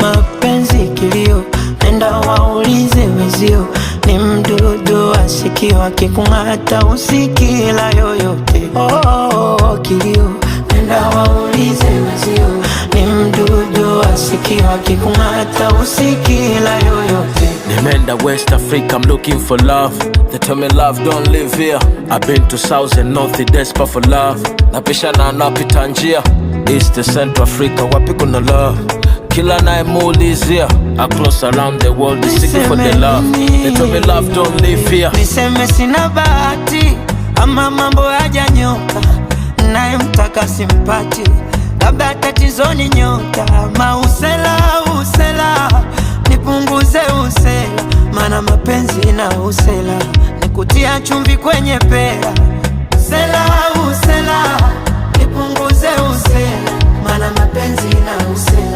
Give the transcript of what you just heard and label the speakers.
Speaker 1: mapenzi kilio, nenda waulize wezio, ni mdudu wa sikio, akikung'ata usikila yoyote. Oh, oh, oh, kilio, nenda waulize wezio, ni mdudu wa sikio, akikung'ata usikila yoyote.
Speaker 2: Nimeenda West Africa, I'm looking for love. They tell me love don't live here. I've been to South and North, the desperate for love. Napishana napita njia East Central Africa, wapi kuna love kila nayemuulizia across around the world is seeking for the love they told me love don't live here.
Speaker 1: Niseme sina bahati ama mambo hajanyoka, mtaka simpati, labda tatizo ni nyota mausela usela nipunguze usela, mana mapenzi na usela nikutia chumvi kwenye pera usela usela nipunguze usela, mana mapenzi na usela